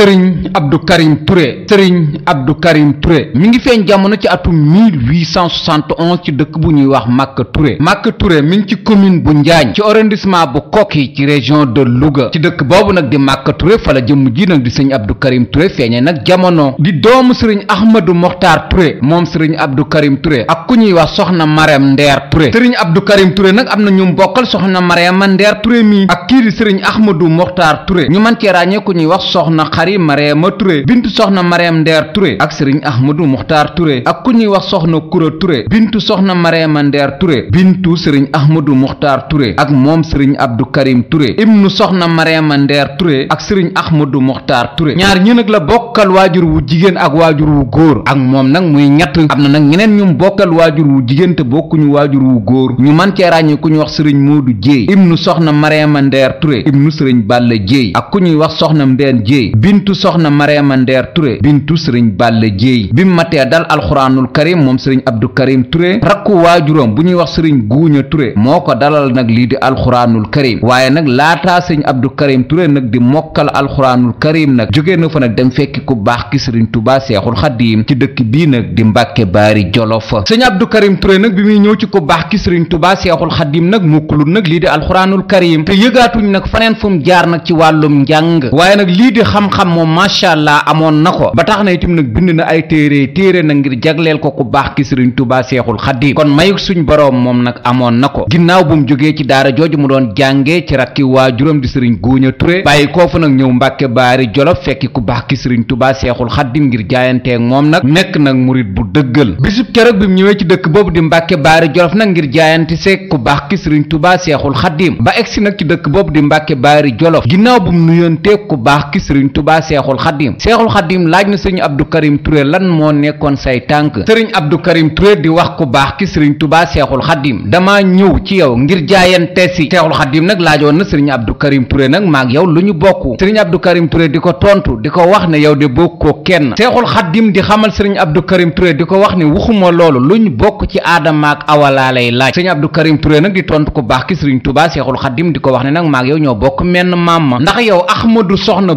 sëriñ Abdou Karim Touré sëriñ Abdou Karim Touré mi ngi feeñ jamono ci atum 1871 ci dëkk bu ñuy wax Màkka Touré Màkka Touré mi ci commune bu Njaañ ci arrondissement bu Koki ci région de luga ci dëkk boobu nag di Màkka Touré fa jëmm ji nag di sëriñ Abdou Karim feeñee nag jamono di doomu sëriñ Ahmadou Mokhtar Touré moom sëriñ Abdou Karim Touré ak ku ñuy wax soxna Mariam Ndeer Touré sëriñ Abdou Karim Touré nag am na ñu bokkal soxna Mariama Ndeer Touré mi ak kii di sëriñ Ahmadou Mokhtar Touré ñu mën cee ràññee ñaari Mariama Touré bintu soxna Mariam Ndeer Touré ak sëriñ Ahmadou Muxtaar Touré ak ku ñuy wax soxna Kura Touré bintu soxna Mariama Ndeer Touré bintu sëriñ Ahmadou Muxtaar Touré ak moom sëriñ Abdou Karim Touré ibnu soxna Mariama Ndeer Touré ak sëriñ Ahmadou Muxtaar Touré ñaar ñi nag la bokkal waajur wu jigéen ak waajur wu góor ak moom nag muy ñett am na nag ñeneen ñum bokkal waajur wu jigéen te bokkuñu waajur wu góor ñu man cee ràññee ku ñuy wax sëriñ Moodu Jéey ibnu soxna Mariama Ndeer Touré ibnu sëriñ Balla Jéey ak ku ñuy wax soxna Mbeen Jéey bintu soxna Mariama Ndeer Touré bintu sëriñ Balla Jéey bi mu matee dal alxuraanul karim moom sëriñ Abdou Karim Touré rakku waajuram bu ñuy wax sëriñ Guuña Touré moo ko dalal nag lii di alxuraanul karim waaye nag laataa sëriñ Abdou Karim Touré nag di mokkal alxuraanul karim nag jóge na fa nag dem fekki ko baax ki sëriñ Tuubaa Seexul Xadiim ci dëkk bii nag di Mbàkke Baari jolo Jolof sëriñ Abdou Karim Touré nag bi muy ñëw ci ko baax ki sëriñ Tuubaa Seexul Xadiim nag mukkulul nag lii di alxuraanul karim te yëgaatuñ nag faneen fu jaar nag ci wàllum njàng xam moom macha allah amoon na ko ba tax na itam nag bind na ay téere téere na ngir jagleel ko ku baax ki sëriñ tubaa Seexul Xadiim kon mayuk suñ boroom moom nag amoon na ko ginnaaw bu mu jógee ci daara jooju mu doon jàngee ci rakki juróom di sëriñ Guuña Ture bàyyi koo fa nag ñëw Mbàkke Baari Jolof fekki ku baax ki sëriñ Tuubaa Seexul Xadiim ngir jaayantee moom nag nekk nag murit bu dëggal bisub keroog bi mu ñëwee ci dëkk boobu di Mbàkke Baari Jolof nag ngir jaayante seeg ku baax ki sëriñ Tuubaa Seexul Xadiim ba egsi nag ci dëkk boobu di Mbàkke Baari Jolof ginnaaw bu mu nuyoontee ku baax ki sëriñ Tuubaa Touba Seexul Xadim Seexul Xadim laaj na sëriñ Abdou Karim Touré lan moo nekkoon say tànk sëriñ Abdou Karim di wax ku baax ki sëriñ tubaa Seexul Xadim dama ñëw ci yow ngir jaayante si Seexul Xadim nag laajoon na sëriñ Abdou Karim Touré nag maag yow lu ñu bokk sëriñ Abdou Karim Touré di ko tontu di ko wax ne yow de bokkoo kenn Seexul Xadim di xamal sëriñ Abdou Karim Touré di ko wax ne waxuma loolu lu ñu bokk ci aadama ak awa laa lay laaj sëriñ Abdou Karim nag di tontu ku ko wax ne nag maag yow ñoo bokk menn maam ma ndax yow Ahmadou soxna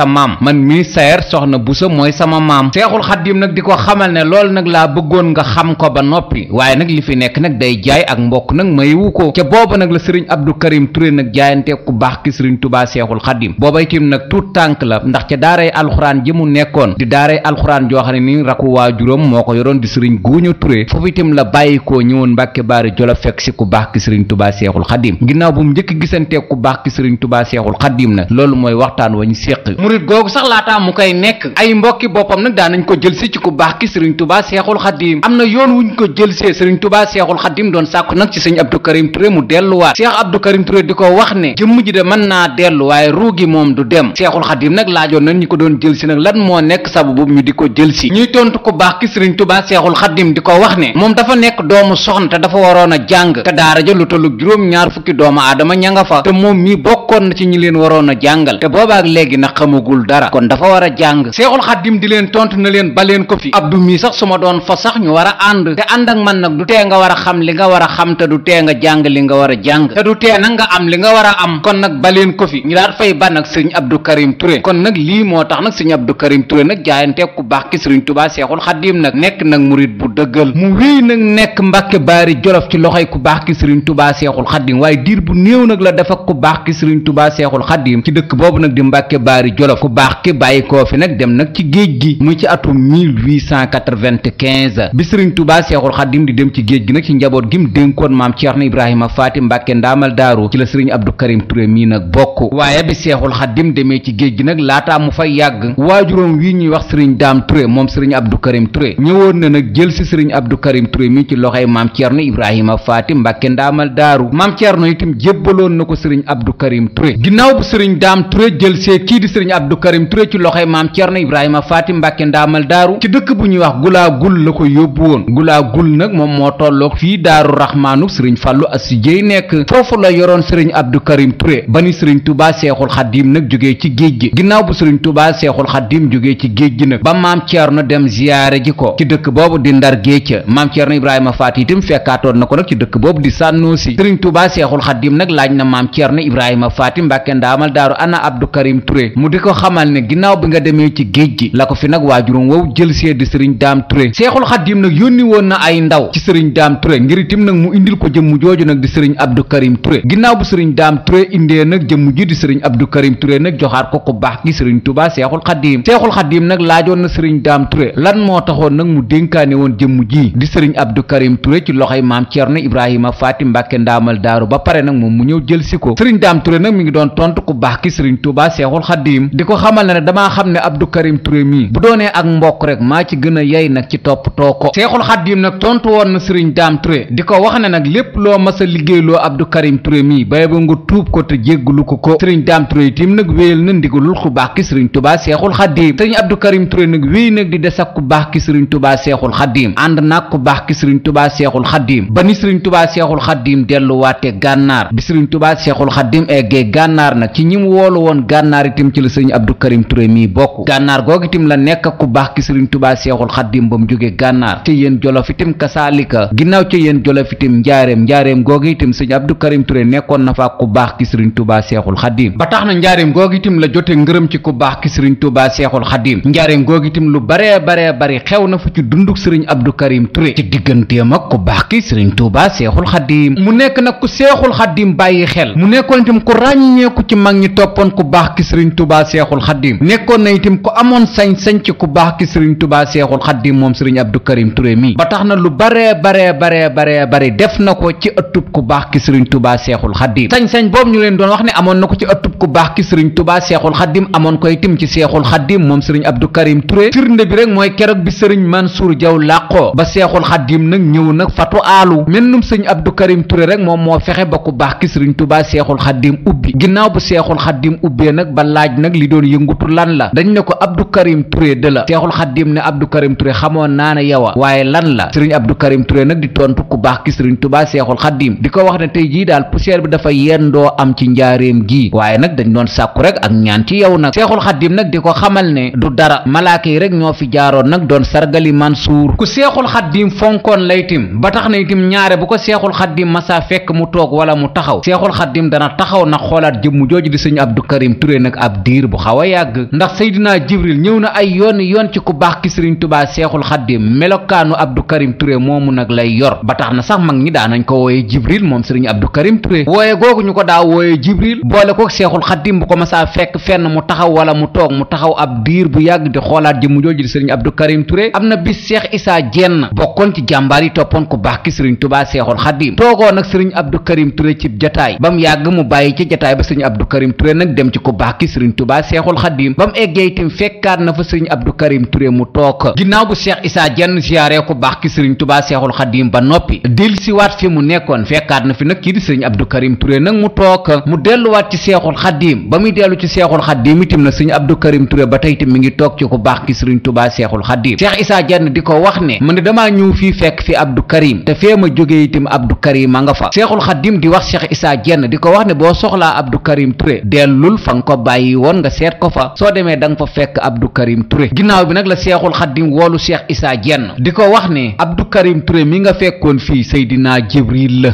sa maam man mii sayer soxna busa mooy sama maam seexul xaddim nag di ko xamal ne loolu nag laa bëggoon nga xam ko ba noppi waaye nag li fi nekk nag day jaay ak mbokk nag mayiwu ko ca booba nag la sëriñ Abdou Karim Touré nag jaayante ku baax ki sëriñ Tubaa seexul xaddim booba itam nag tuut tànk la ndax ca daaray alxuraan ji mu nekkoon di daaray alxuraan joo xam ne ni rakku waajuram moo ko yoroon di sëriñ Guuñu Touré foofu itam la bàyyikoo ñëwoon Mbàkke Baari Jolof fekk ku baax ki sëriñ Tubaa seexul xaddim ginnaaw bu mu njëkk gisantee ku baax ki sëriñ Tubaa seexul xaddim murit googu sax laataa mu koy nekk ay mbokki boppam nag daanañ ko jël si ci ku baax ki sëriñ tubaa seexul xaddim am na yoon wuñ ko jël see sëriñ tubaa seexul xaddim doon sàkku nag ci sëñ Abdou Karim Touré mu delluwaat seex Abdou Karim Touré di ko wax ne jëmm ji de mën naa dellu waaye ruugi moom du dem seexul xaddim nag laajoon nañ ñi ko doon jël si nag lan moo nekk sababu ñu di ko jël si ñuy tontu ku baax ki sëriñ tubaa seexul xaddim di ko wax ne moom dafa nekk doomu soxna te dafa waroon a jàng te daara ja lu tollu juróom ñaar fukki doomu aadama ña fa te moom mi bokkoon na ci ñi leen waroon a jàngal te boobaak léegi nag xamu xamagul dara kon dafa war a jàng seexul xaddim di leen tontu na leen baleen ko fi abdu mii sax su ma doon fa sax ñu war a ànd te ànd ak man nag du tee nga war a xam li nga war a xam te du tee nga jàng li nga war a jàng te du tee nag nga am li nga war a am kon nag baleen ko fi ñu daat fay ban nag sëriñ abdou karim Touré kon nag lii moo tax nag sëriñ abdou karim Touré nag jaayante ku baax ki sëriñ tubaa seexul xaddim nag nekk nag murit bu dëggal mu wéy nag nekk mbàkke loola ku baax ki bàyyi koo fi nag dem nag ci géej gi mu ci atum 1895 bi sëriñ tubaa seexul xaddim di dem ci géej gi nag ci njaboot gi mu dénkoon maam Ceerno Ibrahima Faati Mbàkke ndaamal daaru ci la sëriñ Abdou Karim Touré mii nag bokk waaye bi seexul xaddim demee ci géej gi nag laataa mu fay yàgg waajuróom wii ñuy wax sëriñ Daam Touré moom sëriñ Abdou Karim Touré ñëwoon na nag jël si sëriñ Abdou Karim Touré mii ci loxoy maam Ceerno Ibrahima Faati Mbàkke ndaamal daaru maam Ceerno itam jébbaloon na ko sëriñ Abdou Karim Touré ginnaaw bu sëriñ Daam Touré jël see kii di sëriñ Abdou Karim Touré ci loxoy maam Cerno Ibrahima Faati Mbàkke ndaamal daaru ci dëkk bu ñuy wax gulaa gul la ko yóbbu woon gulaa gul nag moom moo tolloog fii daaru raxmaanu sëriñ Fàllu Asu Jéy nekk foofu la yoroon sëriñ Abdou Karim Touré ba ni sëriñ Touba Seexul Xaddiim nag jógee ci géej gi ginnaaw bu sëriñ Touba Seexul Xaddiim jógee ci géej gi nag ba maam Cerno dem ziyaare ji ko ci dëkk boobu di ndar géej ca maam Cerno Ibrahima Faati fekkaatoon na ko nag ci dëkk boobu di sànnoosi sëriñ Touba Seexul Xaddiim nag laaj na maam Cerno Ibrahima Faati Mbàkke ndaamal daaru ana Abdou Karim Touré mu ko xamal ne ginnaaw bi nga demee ci géej gi la ko fi nag waajuram wow jël seedi sëriñ daam Touré seexul xaddiim nag yónni woon na ay ndaw ci sëriñ daam Touré ngir itam nag mu indil ko jëmm jooju nag di sëriñ Abdou Karim Touré ginnaaw bu sëriñ daam Touré indee nag jëmm ji di sëriñ Abdou Karim Touré nag joxaat ko ku baax gi sëriñ Touba seexul xaddiim seexul xaddiim nag laajoon na sëriñ daam Touré lan moo taxoon nag mu dénkaane woon jëmm jii di sëriñ Abdou Karim Touré ci loxoy maam Ceerno Ibrahima Faati Mbàkke ndaamal daaru ba pare nag moom mu ñëw jël si ko sëriñ daam Touré nag mi ngi doon tontu di ko xamal ne damaa xam ne Abdou Karim Touré mii bu doonee ak mbokk rek maa ci gën a yey nag ci toppatoo ko Seexul Xaddiim nag tontu woon na Serigne Dame Touré di ko wax ne nag lépp loo mas a liggéeyloo Abdou Karim Touré mii bay ba nga tuub ko te jéggalu ko ko Serigne Dame Touré itam nag wéyal na ndigalul ku baax ki Serigne Touba Seexul Xaddiim te Abdou Karim Touré nag wéy nag di des ak ku baax ki Serigne Touba Seexul Xaddiim ànd nag ku baax ki Serigne Touba Seexul Xaddiim ba ni Serigne Touba Seexul Xaddiim delluwaate gànnaar bi Serigne Touba Seexul Xaddiim eggee gànnaar nag ci ñi mu woolu woon gànnaar itam ci sëriñ Abdou Karim Touré mii bokk gànnaar googu itam la nekk ku baax ki sëriñ Tubaa Seexul Xaddim ba mu jóge gànnaar ca yéen jolof itam kasaalika na ku Seexul Xaddim ba tax na njaareem googu itam la jote ngërëm ci ku baax na fa ci dunduk sëriñ Abdou ak ku baax ki sëriñ Tubaa Seexul Xaddim mu nekk nag ku Seexul Xaddim bàyyi xel mu nekkoon itam ku ràññeeku ci mag ñi toppoon ku baax ki sëriñ Tubaa seexul xaddim nekkoon na itam ku amoon sañ-sañ ci ku baax ki sëriñ tubaa seexul xaddim moom ba tax na lu baree baree baree baree bare def na ko ci ëttub ku baax ki sëriñ tubaa seexul xaddim sañ-sañ boobu ñu leen doon wax ne amoon na ko ci ëttub ku baax ki sëriñ tubaa seexul xaddim amoon ko itam ci seexul xaddim moom sëriñ abdou karim Touré firnde bi rek mooy keroog bi sëriñ mansour jaw làqoo ba seexul xaddim nag ñëw nag fatu aalu mennum sëriñ abdou karim Touré rek moom moo fexe ba ku baax ki sëriñ tubaa seexul xaddim ubbi ginnaaw bu seexul xaddim ubbee nag li doon yëngutu lan la dañ ne ko Abdou Karim Touré de la Seexul Xaddim ne Abdou Karim Touré xamoon naa ne yow a waaye lan la sëriñ Abdou Karim Touré nag di tontu ku baax ki sëriñ Tubaa Seexul Xaddim di ko wax xamal ne du dara malaaka yi rek ñoo fi jaaroon nag doon sargali Mansour ku Seexul Xaddim fonkoon laytim ba tax na itim ñaare bu ko Seexul Xaddim masa fekk mu toog wala mu taxaw Seexul Xaddim dana taxaw na xoolaat jëmm jooju di sëriñ Abdou Karim Touré bu xaw a yàgg ndax Seydina Jibril ñëw na ay yoon yoon ci ku baax ki Sëriñ Tubaa Seexul Xaddim melokaanu Abdou Karim Touré moomu nag lay yor ba tax na sax mag ñi daanañ ko wooye Jibril moom Sëriñ Abdou Karim Touré wooye googu ñu ko daa wooye boole ko Seexul Xaddim bu ko masaa fekk fenn mu taxaw wala mu toog mu taxaw ab diir bu yàgg di xoolaat jëmm jooju di Sëriñ Abdou Karim Touré am na bis Cheikh Issa Diène bokkoon ci jàmbaar yi toppoon ku baax ki Sëriñ Tubaa Seexul Xaddim toogoo nag Sëriñ Abdou Karim Touré ci jataay ba mu yàgg mu bàyyi ci jataay ba Sëriñ Abdou Karim Touré nag dem ci ku baax ki Sëriñ Tubaa Touba Seexul Xaddim ba mu eggee itam fekkaat na fa sëriñ Abdou Karim Touré mu toog ginnaaw bu Cheikh Issa Diène ziyaare ko baax ki sëriñ Touba Seexul Xaddim ba fi mu na fi nag kii di mu toog mu delluwaat ci Seexul ba muy dellu ci Seexul Xaddim itam na sëriñ Abdou Karim Touré ba tey itam mi ngi toog ci ko baax ki sëriñ Touba Seexul Xaddim Cheikh Issa Diène di ko wax ne man de damaa ñëw fii fekk fi Abdou Karim te fee ma jógee itam Abdou Karim ma nga fa Seexul Xaddim di wax Cheikh Issa Diène di ko wax ne boo soxlaa Abdou nga seet ko fa soo demee da nga fa fekk Abdou Karim Touré ginnaaw bi nag la seexul xaddim woolu Cheikh Issa Diène di ko wax ne Abdou Karim Touré mi nga la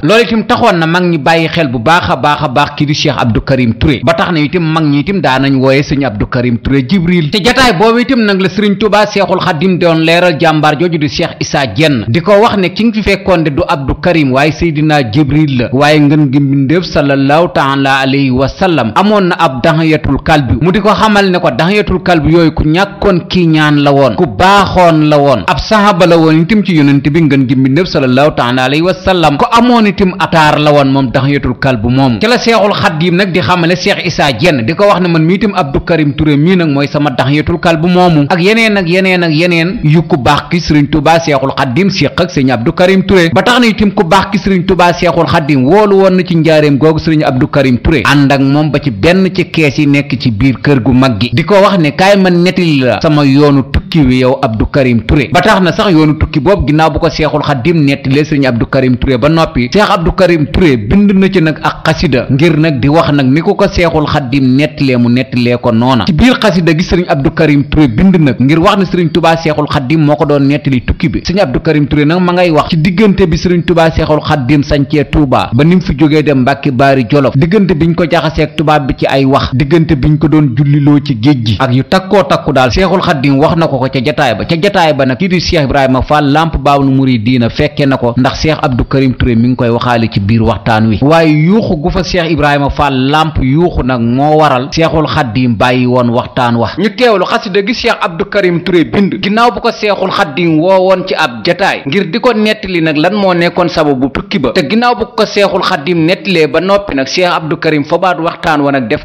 loolu taxoon na mag ñi bàyyi xel bu baax a a baax kii di Cheikh Abdou Karim Touré ba tax na itam mag ñi itam daanañ wooye sëñ Abdou Karim Touré Jibril te jataay boobu itam nag la Sëriñ Tuubaa seexul xaddim doon leeral jàmbaar jooju di Cheikh wax ne ki nga fi fekkoon de du Abdou Karim waaye Seydina Jibril la waaye ngën gi mbindéef sallallahu taala alayhi wa sallam amoon na ab daxayatul kalbi mu di ko xamal ne ko daxayatul kalb yooyu ku ñàkkoon kii ñaan la woon ku baaxoon la woon ab saxaaba la woon itam ci yonent bi ngën gi mbindéef sallallahu taala alayhi wa sallam ko amoon itam ataar la woon moom daxayatul kalb moomu ci la seexul xaddiim nag di xamale seex isaa jenn di ko wax ne man mii itam abdou karim turé mii nag mooy sama daxayatul kalb moomu ak yeneen ak yeneen ak yeneen yu ku baax ki sëriñ tubaa seexul xaddiim séq ak sëriñ abdou karim turé ba tax na ku baax ki sëriñ tubaa seexul xaddiim woolu woon na ci njaareem googu sëriñ abdou karim turé ànd ak moom ba ci benn ci kees yi nekk ci biir biir kër gu mag gi di ko wax ne kaay man la sama yoonu tukki wi yow Abdou Karim Touré ba tax na sax yoonu tukki boobu ginnaaw bu ko seexul xadim nettalee sëriñ Abdou Karim Touré ba noppi seex Abdou Karim Touré bind na ci nag ak xasida ngir nag di wax nag ni ko ko seexul xadim nettalee mu nettalee ko noona ci biir xasida gi sëriñ Abdou Karim Touré bind nag ngir wax ne sëriñ Touba seexul xadim moo ko doon nettali tukki bi sëriñ Abdou Karim Touré nag ma ngay wax ci diggante bi sëriñ Touba seexul xadim sancee Touba ba nim fi jógee dem Mbàkke Baari Jolof diggante biñ ko jaxaseeg tubaab bi ci ay wax diggante biñ ko doon julliloo ci géej gi ak yu takkoo takku daal seexul xaddim wax na ko ko ca jataay ba ca jataay ba nag kii di cheikh ibrahima fall lamp baabul muridiina fekke na ko ndax cheikh abdou karim touré mi ngi koy waxaale ci biir waxtaan wi waaye yuuxu gu fa cheikh ibrahima fall làmp yuuxu nag moo waral seexul xaddim bàyyi woon waxtaan wa ñu teewlu xasida gi cheikh abdou karim touré bind ginnaaw bu ko seexul xaddim woo woon ci ab jataay ngir di ko nettali nag lan moo nekkoon sababu tukki ba te ginnaaw bu ko seexul xaddim nettalee ba noppi nag cheikh abdou karim fabaat waxtaan wa nag def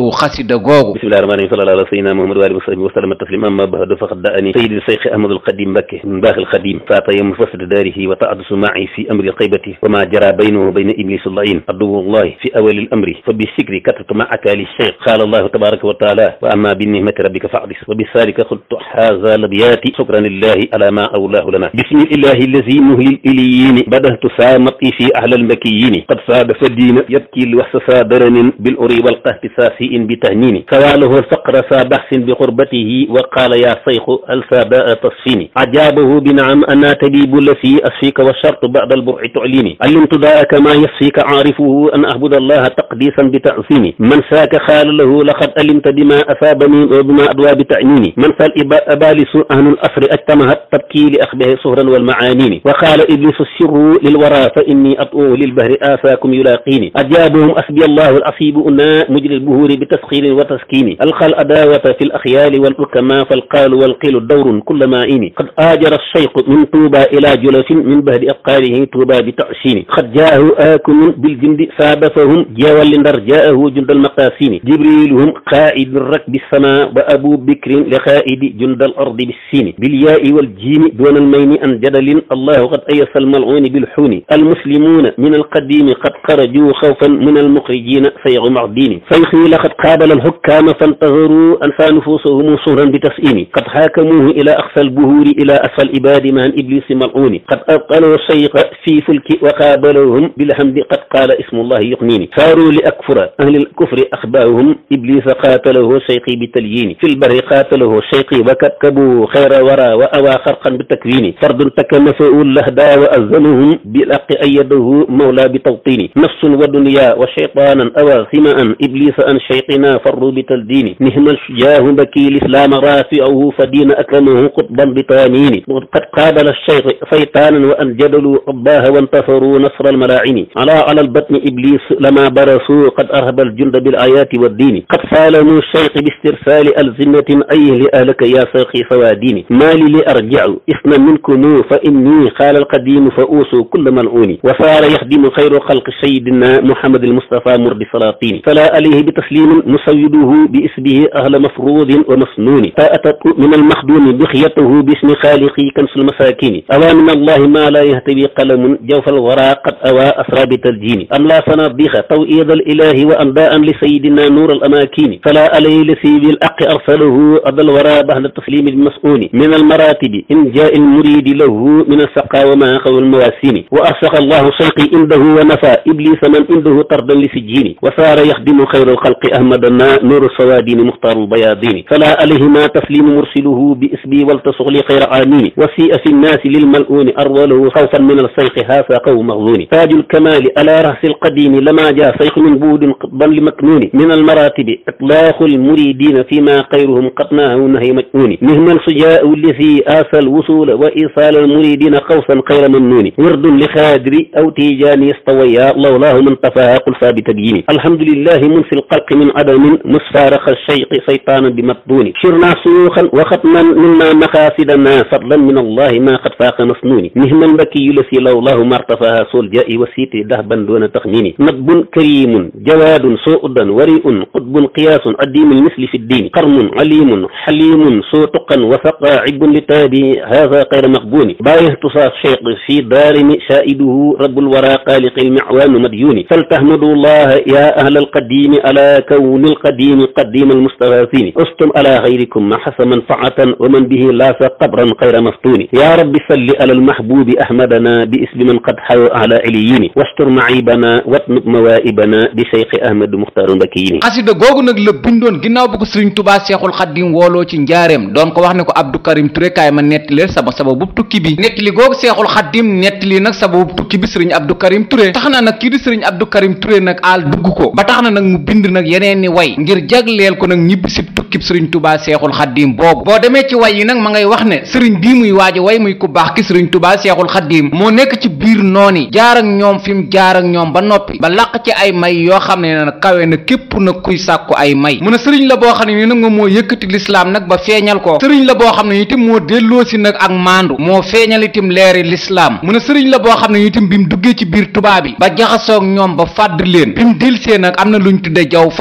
déglu xasida googu bismillahi rahmani rahim sallallahu ala sayyidina muhammad wa alihi wa sahbihi wa sallama taslim amma ba'du faqad da'ani sayyidi shaykh ahmadul qadim mbakke min baaxil qadim faataya mufassada daarihi wa ta'adusu ma'i fi amri qaybati wa ma jara baynahu wa bayna iblis al-la'in aduwwullahi fi awwalil amri fa bi sikri katatu ma akali shaykh qala allahu tabaraka wa ta'ala wa amma bi ni'mati rabbika fa'dis wa bi salika qultu hadha labiyati shukran lillahi ala ma awlahu lana bismillahi allazi muhlil iliyini badahtu saamati fi ahlal mbakiyini qad saada fa diina yabki li wax sa saadaranin bil uri wal qahti saasi in bi tahnini sawalahu alfaqra sa bahsin bi qurbatihi wa qaala ya sayxu alsabaa tasfini ajabahu binaam ana tabibu lasi asfika wa shartu bada albur'i tuclini allimtu daaka ma yasfika aarifuhu an ahbuda allaha taqdisan bi taasimi man saaka xaala lahu laqad alimta bima asaabani wa bima adwa bi tanini man sal abalisu ahlul asri ajtamahat tabki li axbihi suhran walmaanini wa qaala iblisu sirru lilwara fa inni atuuhu lilbahri asaakum yulaqini ajabahum asbi allahu alasibu una mujri albuhuri بتسخير وتسكين ألقى الأداوة في الأخيال والأكما فالقال والقيل دور كل ما إني قد آجر الشيق من طوبى إلى جلس من بهد أبقاله طوبى بتعشين قد جاءه آكم بالجند سابفهم جاول لندر جاءه جند المقاسين جبريلهم قائد الركب السماء وأبو بكر لخائد جند الأرض بالسين بالياء والجيم دون المين أن جدل الله قد أيس الملعون بالحون المسلمون من القديم قد خرجوا خوفا من المخرجين سيغ معدين سيخي لقد قد قابل الحكام فانتظروا أنفى نفوسهم صهرا بتسئيم قد حاكموه إلى أقصى البهور إلى أسفل الإباد مع إبليس ملعون قد أبطلوا الشيق في فلك وقابلوهم بالحمد قد قال اسم الله يقنيني ساروا لأكفر أهل الكفر أخباهم إبليس قاتله شيقي بالتليين في البر قاتله شيقي وكبكبوا خير ورى وأوى خرقا بالتكوين فرد تكمسوا اللهدا وأذنهم بالأق أيده مولى بتوطيني نفس ودنيا وشيطانا أوى سماء إبليس أن شيء طريقنا فروا بتلدين نهم الشجاه بكي الإسلام رافئه فدين أكرمه قطبا بطانين وقد قابل الشيخ شيطانا وأن جدلوا الله وانتصروا نصر الملاعين على على البطن إبليس لما برسوا قد أرهب الجند بالآيات والدين قد سالموا الشيخ باسترسال ألزمة أيه لأهلك يا ساقي سوادين مالي لأرجع إثما منكم فإني قال القديم فأوسوا كل ملعون وصار يخدم خير خلق سيدنا محمد المصطفى مرد سلاطين فلا عليه بتسليم muslimin musayiduhu bi isbihi ahla mafrudin wa masnuni fa atatu min almaxduni duxiyatahu bi ismi xaaliqi kansul masakini awaa min allahi ma laa yahtawi qalamun jawfal wara qad awaa asrabi taljini am laa sanadiqa taw ida al ilahi wa andaan li sayidina nuur al amakini fala alay lasi bil aqi arsalahu adal wara bahda taslimi bi masuni min almaratibi in jaa al muridi lahu min alsaqawa ma xaw almawasini wa arsaqa allahu shayqi indahu wa nafa iblisa man indahu tardan li sijjini wa saara yaxdimu xayra alxalqi ahmad na nuuru sawaadini muxtaaru bayaadini fala alayhima taslimu mursiluhu bi isbi waltasuxli xayra aanini wasi'a fi nnaasi lilmal'uuni arwalahu xawfan min alsayqi haasa qaw maxzuuni taajul kamaali ala rahsi alqadiimi lama jaa sayq min buudin ban li maknuuni min almaratibi itlaaxu almuridina fi ma xayruhum qad naahu nahy maj'uuni nihma alsujaa'u lisi aasa alwusula wa isaala almuridina xawsan xayra mamnuuni wirdun li xaadiri aw tijaani istawaya lawlaahu man tafaa qul saabi tabyini alhamdulillahi munsi alxalqi min adamin mustaaraqa cheyqi saytaana bi matduuni shirna suyuuxan waxat man min ma maqaasidana fadlan min allahi ma xat faaqa masnuuni nihman mbakiyu la si law lahu martafaha sol ja i wa siiti dahban doona taxniini nadbun karimun jawaadun suudan wariun qutbun qiyaasun adiimul misli fi ddiini qarmun alimun xalimun soo tuqan wa saqaacibun li taabi haada xayra maqbuuni bàyyehtusa cheyq fi daarimi shaa'iduhu rabbul wara xaaliqi lmicwaanu madyuuni faltahmadullaha ya ahla alqadiimi ala كون القديم قديم المستغاثين أستم على غيركم محس منفعة ومن به لاس قبرا غير مفتون يا رب صل على المحبوب أحمدنا باسم من قد حيوا على عليين واستر معيبنا واتنب موائبنا بشيخ أحمد مختار بكيين xasida googu nag la bindoon ginnaaw bu ko Sëriñ Tuubaa Seexul Xaddim wooloo ci njaareem doon ko wax ne ko Abdou Karim Touré kaay ma nettali sama sababub tukki bi nettali googu Seexul Xaddim nettali nag sababub tukki bi Sëriñ Abdou Karim Touré tax na nag kii di Sëriñ Abdou Karim Touré nag aal dugg ko ba tax na nag mu bind nag yeneeni way ngir leel ko nag ñibbi si tukkib sëriñ tubaa seexul xaddiim boobu boo demee ci way yi nag ma ngay wax ne sëriñ bii muy waaja way muy ku baax ki sëriñ tubaa seexul xaddiim moo nekk ci biir nooni jaar ak ñoom fi mu jaar ñoom ba noppi ba làq ci ay may yoo xam ne na kawe na képp nag kuy sàkku ay may mu ne sëriñ la boo xam ne ni nag moo yëkkati lislaam nag ba feeñal ko sëriñ la boo xam ne itam moo delloo si nag ak maandu moo feeñal itam leeri lislaam mu ne sëriñ la boo xam ne itam bi mu duggee ci biir tubaa bi ba jaxasoog ñoom ba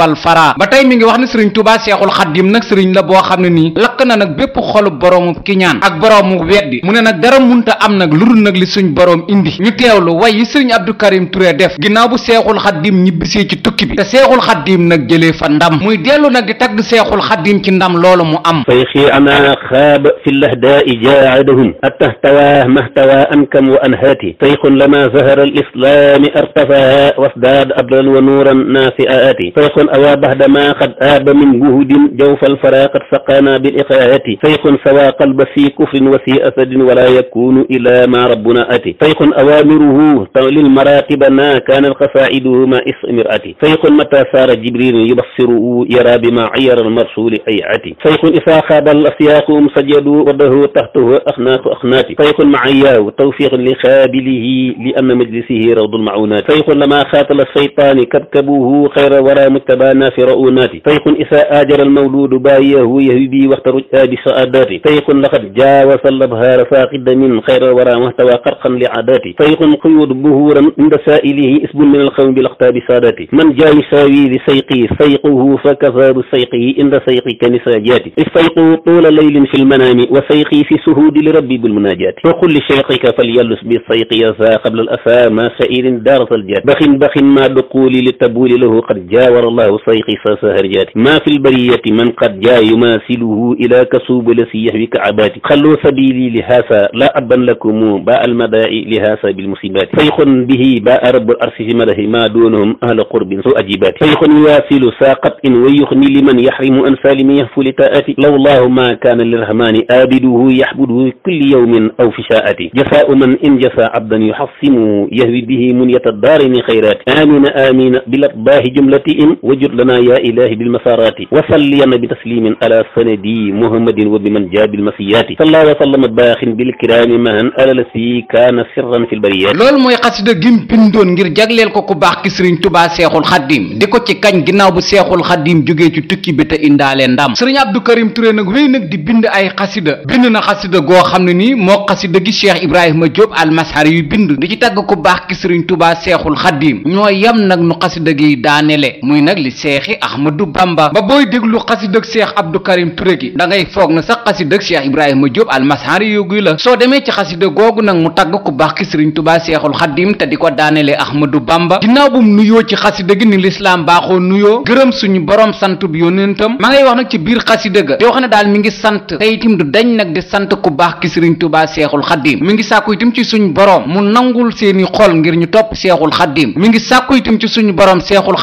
wal fara ba tey mi ngi wax ne sëriñ tubaa seexul xaddim nag sëriñ la boo xam ne nii lakk na nag bépp xolu boroomu kiñaan ak boroomu weddi mu ne nag dara munta am nag lu dul nag li suñ boroom indi ñu teewlu way yi sëriñ Abdou Karim Touré def ginnaaw bu seexul xaddim ñibbisee ci tukki bi te seexul xaddim nag jëlee fa ndam muy dellu nag di tagg seexul xaddim ci ndam loolu mu am fayxi ama xaab fi lahdaai jaadahum attahtawa mahtawa ankam wa anhaati fayxun lama wa nuuran الحيا بعد ما قد آب من جهد جوف الفرا قد سقانا بالإقاءة فيق سوى قلب في كفر وفي أسد ولا يكون إلى ما ربنا أتي فيق أوامره للمراقب ما كان القصائد ما إمرأتي فيق متى سار جبريل يبصره يرى بما عير المرسول هيئتي فيق إذا خاب الأسياق سجدوا وده تحته أخناق أخناتي فيق معياه توفيق لخابله لأن مجلسه روض المعونات فيق لما خاتل الشيطان كبكبوه خير ورا متبا ها نافر أوناتي فيق إساء آجر المولود باياه يهوي بي واخترج آبي سعاداتي فيق لقد جاوز الأبهار فاقد من خير ورا محتوى قرقا لعاداتي فيق قيود بهورا عند سائله اسم من القوم بالأقتاب ساداتي من جاء يساوي بسيقي سيقه فكفى بسيقه عند سيقي كنساجاتي السيق طول ليل في المنام وسيقي في سهود لربي بالمناجات وقل لشيقك فليلس بالسيق يسا قبل الأسى ما سئير دارة الجات بخ بخ ما دقولي للتبول له قد جاور الله sayqi fa saharjaati maa fi lbariyati man qad jaa yumaasiluhu ilaa ka suubalasi yahwi ka abaati xalloo sabili li haasa laa abban lakumu ba almadaa'i li haasa bilmusibaati sayxun bihi ba arabu arsi fi madahi maa doonahum ahla qurbin su ajibaati sayxun yuwaasilu saa qat in wa yuxni liman yaxrimu an saalimi yahfu li taaati law llahu maa kaana lirahmaani aabiduhu yaxbuduhu kulli yawmin aw fi shaa'ati jasaa'u man in jasaa abdan yuxassimuhu yahwi bihi mun yatadaarani xayraati amina amina bil atbaahi jumlatiin waj wasjud lana ya ilahi bilmasarati wasalliyana bi taslimin ala sanadi muhammadin wa bi man ja bilmasiyati salla wa sallama baaxin bilkiraami mahan alalasi kaana sirran fi lbariyati mooy xasida gim pindoon ngir jagleel ko ku baax ki sëriñ tubaa seexul xaddim di ko ci kañ ginnaaw bu seexul xaddim jógee ci tukki bi te indaale ndam sëriñ abdou karim turé nag wéy nag di bind ay xasida bind na xasida goo xam ne nii moo xasida gi cheikh ibrahima diop almashari yu bind di ci tagg ku baax ki sëriñ tubaa seexul xaddim ñoo yam nag nu xasida gi daanele muy nag seexi Ahmadou Bamba ba booy déglu xasidag seex Abdou Karim Touré gi da ngay foog na sax xasidag seex Ibrahima Diop almasari yooguy la soo demee ci xasida googu nag mu tàgg ku baax ki Sëriñ Tuubaa Seexul Xadim te di ko daanelee Ahmadou Bamba ginnaaw bu mu nuyoo ci xasida gi ni lislaam baaxoo nuyoo gërëm suñu borom sant bu yónnentam ma ngay wax nag ci biir xasida ga di wax ne daal mi ngi sant te itam du dañ nag di sant ku baax ki Sëriñ Tuubaa Seexul Xadim mi ngi sàkku itam ci suñu borom mu nangul seeni xol ngir ñu ngi sàkku itam ci suñu borom Seexul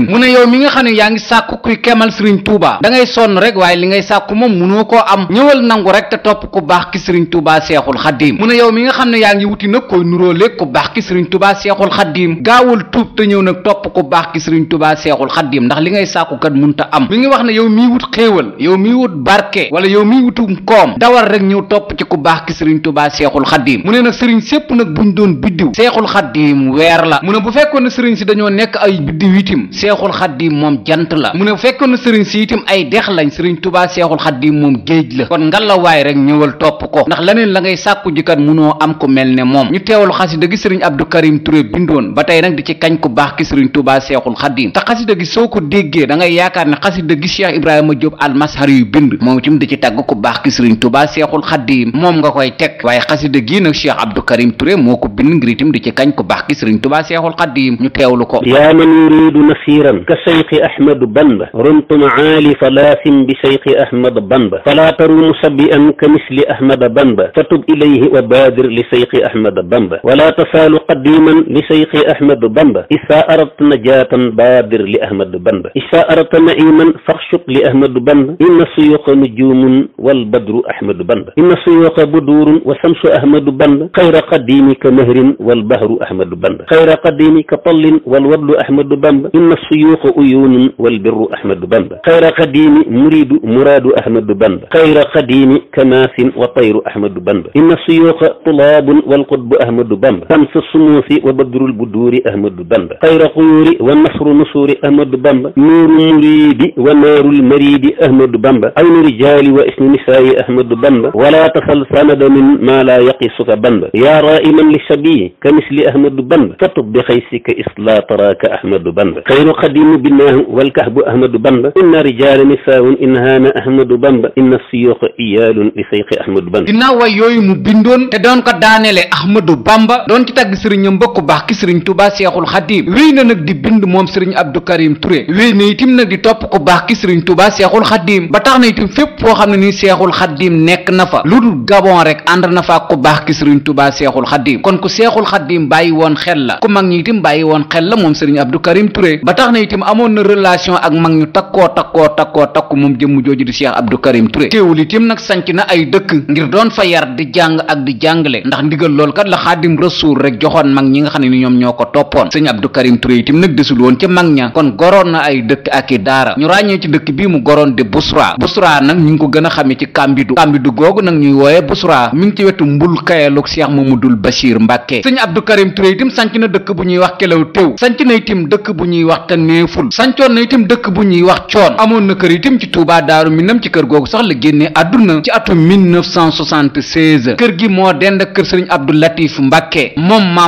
jigéen mu ne yow mi nga xam ne yaa ngi sàkku kuy kemal sëriñ tuuba da sonn rek waaye li ngay sàkku moom munoo koo am ñëwal nangu rek te topp ku baax ki sëriñ tuuba seexul xaddiim mu ne yow mi nga xam ne yaa ngi wuti nag koy nuróole ku baax ki sëriñ tuuba seexul xaddiim gaawul tuub te ñëw nag topp ku baax ki sëriñ tuuba seexul xaddiim ndax li ngay sàkku kat munta am mi ngi wax ne yow miy wut xéewal yow miy wut barke wala yow miy wutum koom dawal rek ñëw topp ci ku baax ki sëriñ tuuba seexul xaddiim mu ne nag sëriñ sépp nag buñ doon biddiw seexul xaddiim weer la mu ne bu fekkoon ne sëriñ si dañoo nekk ay biddiw itim seexul xaddiim moom jant la mu ne fekkoon na sëriñ si itam ay dex lañ sëriñ tubaa seexul xaddiim moom géej la kon ngalawaay rek ñëwal topp ko ndax leneen la ngay sàkku jikat munoo am ku mel ne moom ñu teewal xasida gi sëriñ Abdou Karim Touré bindoon ba tey nag di ci kañ ku baax ki sëriñ tubaa seexul xaddiim te xasida gi soo ko déggee da ngay yaakaar ne xasida gi Cheikh Ibrahima Diop almashari yu bind moom itam di ci tàgg ku baax ki sëriñ tubaa seexul xaddiim moom nga koy teg waaye xasida gii nag Cheikh Abdou Karim Touré moo ko bind ngir itam di ci kañ ku baax ki sëriñ tubaa seexul xaddiim ñu teewlu ko yaa man yuridu nasi كثيرا كشيخ أحمد بنبا رمت معالي فلاسم بشيخ أحمد بنبا فلا ترون مسبئا كمثل أحمد بنبا فتب إليه وبادر لشيخ أحمد بنبا ولا تسال قديما لشيخ أحمد بنبا إذا أردت نجاة بادر لأحمد بنبا إذا أردت نعيما فاخشط لأحمد بنبا إن السيوخ نجوم والبدر أحمد بنبا إن السيوخ بدور وشمس أحمد بنبا خير قديم كمهر والبهر أحمد بنبا خير قديم كطل والودل أحمد بنبا إن suyuuxu uyuunin wal birru ahmadu bamba xayra qadiimi muriidu muraadu ahmadu bamba xayra qadiimi kamaasin wa tayru ahmadu bamba inna suyuuxa tulaabun wal qutbu ahmadu bamba samsu sumuusi wa badrul buduuri ahmadu bamba xayra quyuuri wa nasru nusuuri ahmadu bamba nuuru muriidi wa naarul mariidi ahmadu bamba aynu rijaali wa isnu nisaayi ahmadu bamba wala tasal sanada min maa laa yaqisuka bamba yaa raa'iman li sabiyi ka misli ahmadu bamba fatub bi xaysika islaa taraaka ahmadu bamba xayru xadimu binaahu walkahbu ahmadu bamba inna rijaala nisaawun in haana ahmadu bamba inna siyooqa iyaalun li sayqi ahmadu bamba ginnaaw waay yooyu mu bindoon te doon ko daaneele ahmadu bamba doon ci tàgg sëriñam ba ku baax ki sëriñ tubaa seexul xadim wéy na nag di bind moom sëriñ abdou karim Touré wéy na nag di topp ku baax ki sëriñ tubaa seexul xadim ba tax na itam fépp foo xam ne nii seexul xadim nekk na fa lu dul gabon rek ànd na fa ku baax ki sëriñ tubaa seexul xadim kon ku seexul xadim bàyyi woon xel la ku mag ñi itam bàyyi woon xel la moom sëriñ abdou karim Touré ba tax tax na itam amoon na relation ak mag ñu takkoo takkoo takkoo takku moom jëmm jooju di Cheikh Abdou Karim Touré teewul itam nag sanc na ay dëkk ngir doon fa yar di jàng ak di jàngale ndax ndigal loolu kat la xaadim rasuul rek joxoon mag ñi nga xam ne ni ñoom ñoo ko toppoon sëñ Abdou Karim Touré itam nag desul woon ca mag ña kon goroon na ay dëkk ak i daara ñu ràññee ci dëkk bii mu goroon di Busra Busra nag ñu ngi ko gën a xamee ci Kambidu Kambidu googu nag ñuy wooye Busra mi ngi ci wetu mbul kayaluk Cheikh Mamadul Bachir Mbàkke sëñ Abdou Karim Touré itam sanc na dëkk bu ñuy wax kelew teew sanc na itam dëkk bu ñuy wax nee ful sancoon na itam dëkk bu ñuy wax coon amoon na kër itam ci Touba Daaru Minam ci kër googu sax la génnee àdduna ci atum 1976 kër gi moo dend ak kër sëriñ Abdou Latif Mbacke moom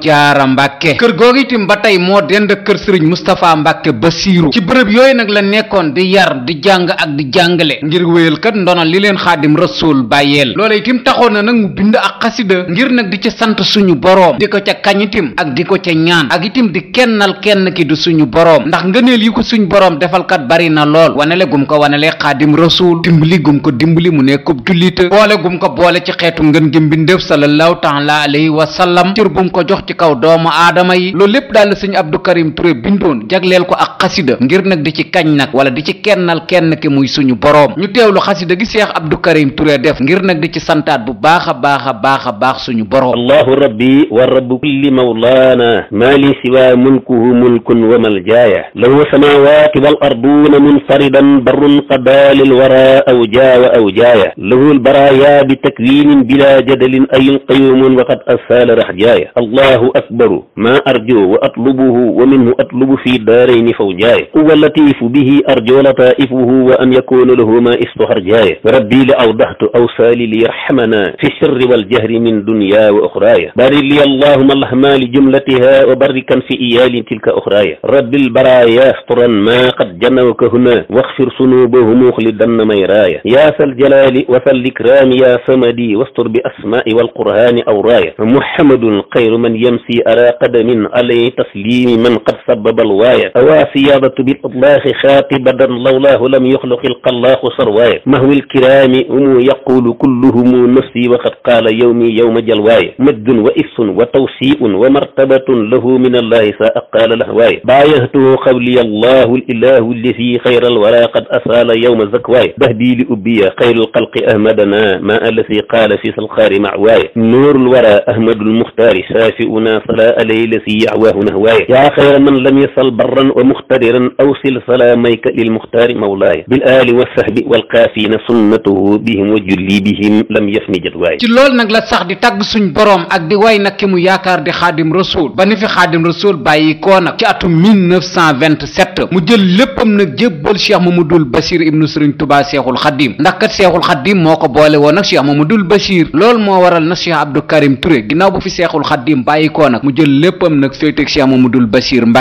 Jaara Mbacke kër googu itam ba tey moo dend ak kër sëriñ Moustapha Mbacke Basiiru ci bërëb yooyu nag la nekkoon di yar di jàng ak di jàngale ngir wéyal kat ndono li leen xaadim rasul bàyyeel loola itam taxoon na nag mu bind ak xasida ngir nag di ca sant suñu boroom di ko ca suñu boroom ndax ngëneel yi ko suñ boroom defalkat bari na lool wanele gum ko wanele xaadim rasul dimbali gum ko dimbali mu nekkub jullita boole gum ko boole ci xeetu ngën gi mbindéef sallallahu taala alayhi wa sallam cër bum ko jox ci kaw doomu aadama yi lool lépp daal la sëñ Abdou Karim Touré bindoon jagleel ko ak xasida ngir nag di ci kañ nag wala di ci kennal kenn ki muy suñu boroom ñu teewlu xasida gi Cheikh Abdou Karim Touré def ngir nag di ci santaat bu baax a baax a baax a baax suñu boroom allahu والجاية لو سماوات والأرضون منفردا بر قبال الورى أو جا وأو جاية له البرايا بتكوين بلا جدل أي قيوم وقد أسال رحجاية الله أكبر ما أرجو وأطلبه ومنه أطلب في دارين فوجاية هو اللطيف به أرجو لطائفه وأن يكون له ما استهر جاية ربي لأوضحت أوصالي ليرحمنا في السر والجهر من دنيا وأخرايا بارك لي اللهم الأهمال جملتها وبركا في إيال تلك أخرايا بالبرايا استرا ما قد جنوك هنا واغفر ذنوبهم مخلدا ميرايا يا ذا الجلال وذا الإكرام يا صمدي واستر بأسماء والقرآن أو راية محمد خير من يمشي على قدم عليه تسليم من قد سبب الواية أوا سيادة بالإطلاق خاطبا لولاه لم يخلق القلاق سرواية مهو الكرام هم يقول كلهم نفسي وقد قال يومي يوم جلواية مد وإفس وتوسيء ومرتبة له من الله ساء قال لهواية wajjahtu qabli allahu ilahu alladi xayra alwara qad asaala yowma zakwaay bahdi li ubbiya xayru alxalqi ahmadana ma alladi qaala fi salxaari macwaay nuuru lwara ahmadu lmuxtaari saafiuna sala alay lasi yahwaahu nahwaay yaa xayra man lam yasal barran wa muxtadiran awsil salaamayka lilmuxtaari mawlaay bil aali wa sahbi walqaafiina sunnatuhu bihim wa julli bihim lam yafni jadwaay ci loolu nag la sax di tàgg suñ boroom ak di way nag ki mu yaakaar di xaadim rasul ba ni fi xaadim rasul bàyyi koo nag ci atum min 1927 mu jël léppam nag jébbal cheikh mamadul basir ibnu sëriñ tubaa seexul xadim ndax kat seexul xadim moo ko boole woon nag cheikh mamadul basir loolu moo waral nag cheikh abdou karim Touré ginnaaw bu fi seexul xadim bàyyi koo nag mu jël léppam nag féeteeg cheikh mamadul basir mu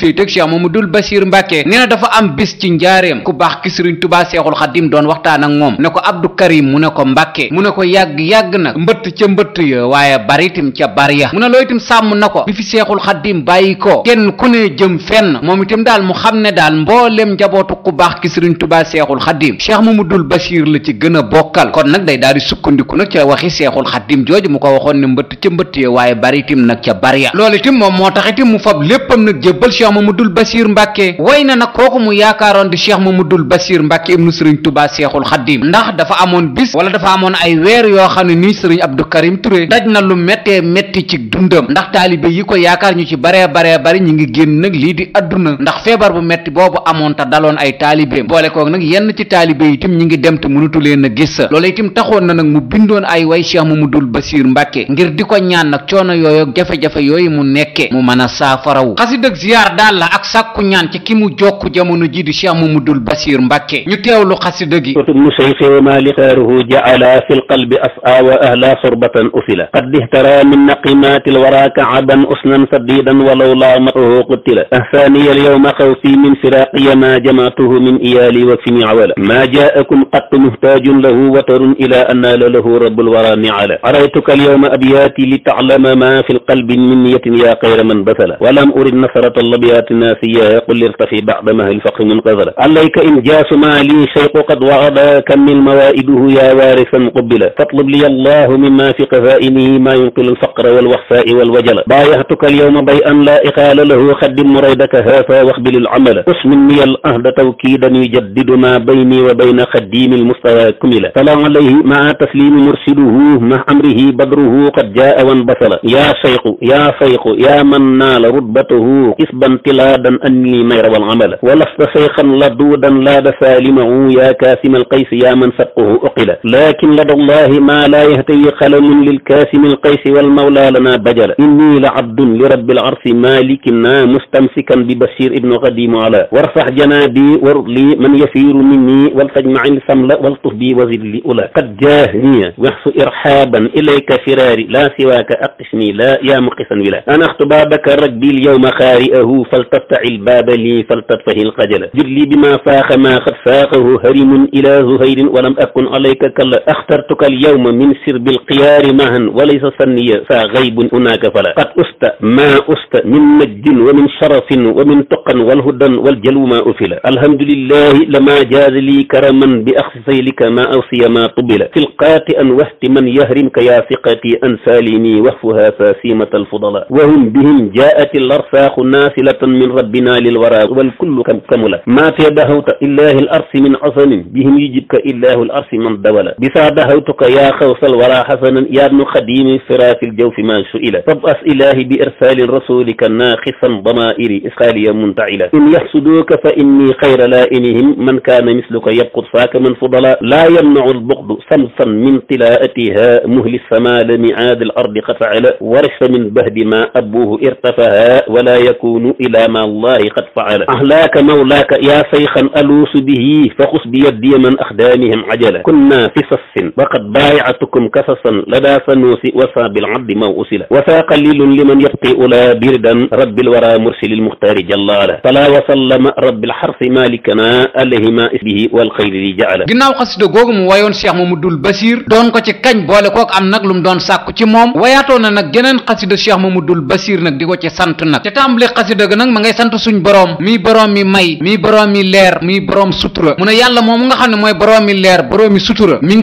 féeteeg cheikh mbàkke nee na dafa am bis ci njaareem ku baax ki sëriñ tubaa seexul xadim doon waxtaan ak moom ne ko abdou mu ne ko mbàkke mu ne ko yàgg-yàgg nag mbëtt ca mbëtt ya waaye baritim ca bari ya mu ne loo itam sàmm na ko bi fi seexul xaddim bàyyi ko kenn ku ne jëm fenn moom itam daal mu xam ne daal mbooleem njabootu ku baax ki sëriñ tubaa seexul xaddim cheikh mamadul bachir la ci gën a bokkal nag day daal di sukkandiku nag ca waxi seexul xaddim jooju mu ko waxoon ne mbëtt ca mbëtt waaye bari itam nag ca bari ya loolu itam moom moo tax itam mu fab léppam nag jébbal cheikh mamadul bachir mbàkke way na nag kooku mu yaakaaroon di cheikh mamadul bachir mbàkke ibnu sëriñ tubaa seexul xaddim ndax dafa amoon bis wala dafa amoon ay weer yoo xam ne nii sëriñ abdou karim touré na lu méttee métti metti ci dundam ndax taalibe yi ko yaakaar ñu ci baree baree bari ñu ngi génn nag lii di adduna ndax feebar bu metti boobu amoon te daloon ay taalibeem boole koog nag yenn ci taalibe yi itam ñu ngi dem te mënatu leen a gis loola itam taxoon na nag mu bindoon ay way si Cheikh dul Basiir Mbàkke ngir di ko ñaan nag coono yooyu ak jafe-jafe yooyu mu nekke mu mën a saafarawu xasida ak ziyaar daal la ak sàkku ñaan ci ki mu jokk jamono ji di Cheikh Mamadul Basiir Mbàkke ñu teewlu xasida gi musayfi wa ma lixaaruhu jaala fi lqalbi asa j ahla surbatan usila qad ihtara min ماقمات الورى كعبا أسنا سديدا ولو لامته قتل أحساني اليوم خوفي من فراقي ما جمعته من إيالي وفني عولا ما جاءكم قط محتاج له وتر إلى أن له رب الورى نعلا أريتك اليوم أبياتي لتعلم ما في القلب من نية يا خير من بثلا ولم أرد نصرة الأبيات ناسيا قل ارتفي بعد مهل الفقر منقذلا عليك إن جاس ما لي شيق قد وعدا كم من موائده يا وارثا قبلا فاطلب لي الله مما في قفائنه ما ينقل الفقر والجهر والوخفاء والوجل بايعتك اليوم بيئا لا إقال له خدم مريدك هذا واقبل العمل اسمني الأهد توكيدا يجدد ما بيني وبين خديم المستوى كمل فلا عليه مع تسليم مرشده مع أمره بدره قد جاء وانبسل يا شيخ يا شيخ يا من نال رتبته كسبا تلادا أني مير والعمل ولست شيخا لدودا لاد سالمه يا كاسم القيس يا من سبقه أقل لكن لدى الله ما لا يهتي قلم للكاسم القيس والموالي mawlaa lanaa bajala innii la abdun li rabbil arsi maalikinaa mustamsikan bi bashir ibnu xadim ala warfax janaabi war li man yasiru minni wal tajmain samla wal tuf bi wasid li ula qad jaahniya waxsu irxaaban ilayka firaari laa siwaaka aqisni laa yaa muqisan wila an axtu baabaka ragbi lyawma xaari'ahu faltaftaxil baaba lii faltadfahil xajala judli bima faaxa maa xad faaxahu harimun ila zuhayrin walam akun alayka kalla axtartuka alyawma min sirbil xiyaari mahan walaysa sanniya ata gaybun unaaka fala qad usta ma usta min najdin wa min sharafin wa min toqan walhudan waljalwu ma ufila alhamdulillahi lama jaaza lii karaman bi axsi saylika ma awsiya ma tubila filqaati an wahti man yahrimka ya siqati an saalimi wahfuha sasimata alfudala wahum bihim jaati larsaaxu naasilatan min rabbina lilwara walkullu kam kamula maa fee dahawta illahi al arsi min asamin bihim yujibka illahu al arsi man dawala bisaa dahawtuka yaa xawsal wara hasanan yaa ibnu xadimi firafil jaw ولو فيما سئل فابأس إلهي بإرسال رسولك ناخصا ضمائري إسخاليا منتعلا إن يحسدوك فإني خير لائنهم من كان مثلك يبقض فاك من فضلا لا يمنع البغض سمسا من طلاءتها مهل السما لمعاد الأرض قد فعل ورش من بهد ما أبوه ارتفها ولا يكون إلى ما الله قد فعل أهلاك مولاك يا شيخا ألوس به فخص بيدي من أخدامهم عجلا كنا في صف وقد بايعتكم كسسا لدى سنوس وصى بالعبد mawusila wasa liman yabqi ula birdan rabbil wara mursilil muxtaari jallaala salaa wa sallama rabbil xarsi malikana alayhima isbihi wal xayri li jaala ginnaaw xasida googu mu wayoon cheikh mamadul basir doon ko ci kañ boole kook am nag lu mu doon sàkku ci moom wayaatoon na nag geneen xasida cheikh mamadul basir nag di ko ci sant nag te tàmbale xasida ga nag ma ngay sant suñ boroom mii boroom mi may mii boroom mi leer mii boroom sutura mu ne yàlla moomu nga xam ne mooy boroom mi leer boroom mi sutura mi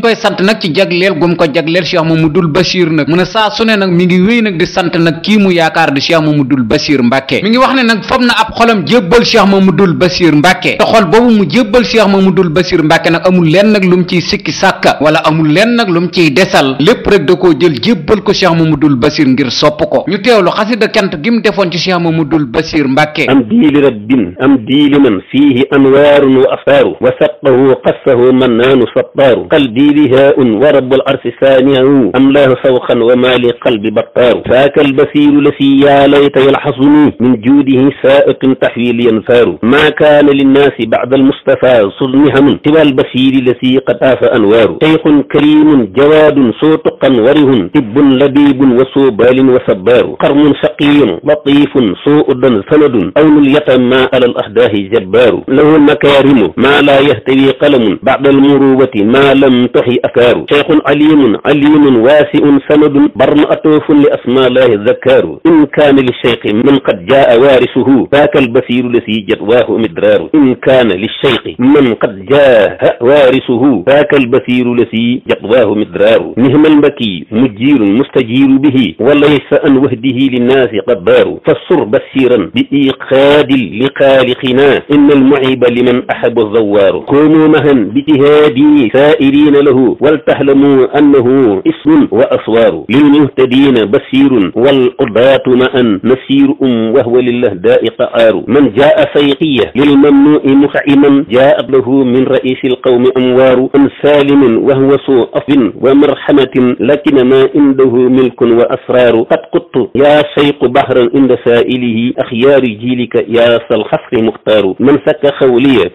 nag mi ngi wéy nag di sant nag kii mu yaakaar di cheikh mamadul basir mbàkke mi ngi wax ne nag fab na ab xolam jébbal cheikh mamadul basir mbàkke te xol boobu mu jébbal cheikh mamadul basir mbàkke nag amul lenn nag lu mu ciy sikki sàkka wala amul lenn nag lu mu ciy desal lépp rek da koo jël jébbal ko cheikh mamadul basir ngir sopp ko ñu teewlu xasida cant gi mu defoon ci cheikh mamadul basir mbàkke am diili rabbin am diili man fiihi anwaarun wa afaaru wa saqahu qassahu mannaanu sattaaru qalbi bihaa un wa wa القلب بطار فاك البصير لسي يا ليت يلحظني من جوده سائق تحويل ينفار ما كان للناس بعد المصطفى صدم هم سوى البصير لسي قد آف أنوار شيخ كريم جواد صوتقا وره طب لبيب وصوبال وصبار قرم شق تقي لطيف سوء سند أول اليتامى على الأهداه جبار له مكارم ما لا يهتوي قلم بعد المروة ما لم تحي أكار شيخ عليم عليم واسع سند برم أطوف لأسماء الله الذكار إن كان للشيخ من قد جاء وارثه ذاك البصير الذي جدواه مدرار إن كان للشيخ من قد جاء وارثه ذاك البصير الذي جدواه مدرار نهم البكي مجير مستجير به وليس أن وهده للناس للناس قبار فالصر بسيرا بإيقاد لخالقنا إن المعيب لمن أحب الزوار كونوا معا باجتهادي سائرين له ولتعلموا أنه اسم وأسوار للمهتدين بسير والقضاة معا نسير أم وهو لله داء قعار من جاء سيقية للممنوع مخعما جاءت له من رئيس القوم أموار أم سالم وهو سوء أف ومرحمة لكن ما عنده ملك وأسرار قد قط يا شيخ يضيق بحرا عند سائله أخيار جيلك يا صل الخصر مختار من سك خولية